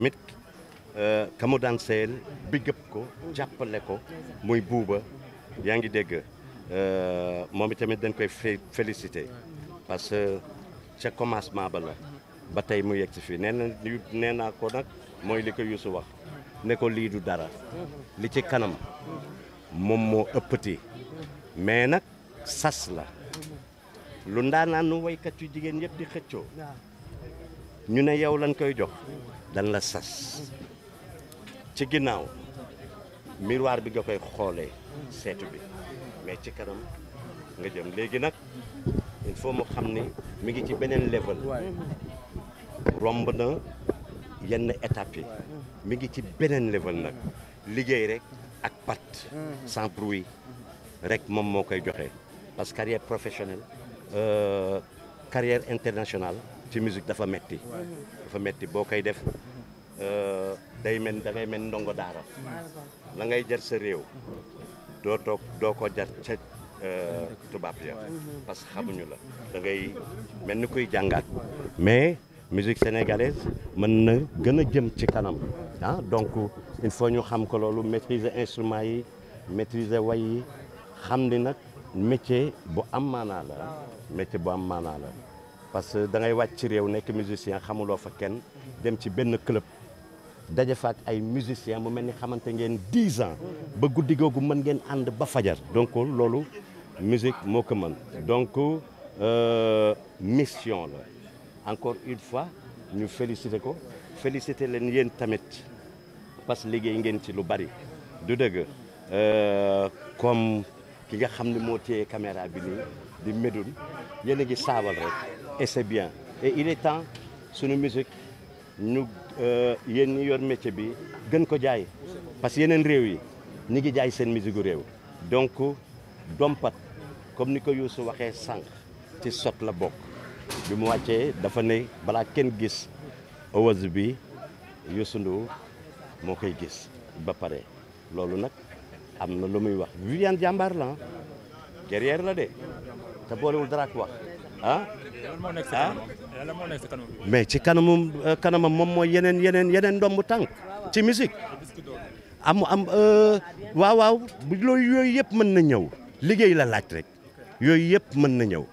mit euh, ka mu daan seel bigëb ko jàppale ko muy buuba yaa ngi dégg euh, moom itamit dañ koy félicité parce que ca commencement ba la ba tey mu yegg si fii nee naa ko nag mooy li ko wax ne ko lii du dara li ci kanam moom moo ëppati mais nag sas la lu ndaanaanu waykat yu jigéen yëpp di xëccoo ñu ne yow lañ koy jox dan la sas ci ginnaaw miroir bi nga koy xoolee seetu bi mais ci kanam nga jëm léegi nag il faut mu xam ni mi ngi ci beneen level romb na yenn étape yi mi ngi ci beneen level nag liggéey rek ak pat sans bruit rek moom moo koy joxe parce que carrière professionnelle euh, carrière internationale ci musique dafa metti dafa metti boo koy def euh, day mel da ngay mel ndongo daara la ngay jar sa réew doo toog doo ko jar ca euh, tubaab ya parce que xamuñu la da ngay mel kuy jàngaat mais musique sénégalaise mën na gën a jëm ci kanam ah donc il faut ñu xam ko loolu maîtriser instrument yi maîtriser way yi xam ni nag métier bu am maanaa métier bu am parce que da ngay wàcc ci réew nekk musicien xamuloo fa kenn dem ci benn club daje ay musicien mu mel ni xamante ngeen dix ans ba guddi googu mën ngeen ànd ba fajar donc loolu musique moo ko mën donc euh, mission la encore une fois ñu félicité ko félicité leen yéen tamit parce que liggéey ngeen ci lu bari du dëgg euh, comme ki nga xam ni moo téye caméra bi nii di Médoune yéen a ngi rek et c'est bien et il est temps suñu musique ñu euh, yéen ñi yor métier bi gën ko jaay parce que yeneen réew yi ñi ngi jaay seen musique réew donc dompat comme ni ko Youssou waxee sànq ci sot la bokk bi mu wàccee dafa ne balaa kenn gis Awards bi Youssou Ndour moo koy gis ba pare loolu nag am na lu muy wax Viviane jàmbaar la guerrière la de te boolewul dara ak wax ah ah mais ci kanamu euh, kanamam moom mooy yeneen yeneen yeneen doom bu tànk ci musique am am euh, waaw waaw loolu yooyu yëpp mën na ñëw liggéey la laaj rek yooyu yëpp mën na ñëw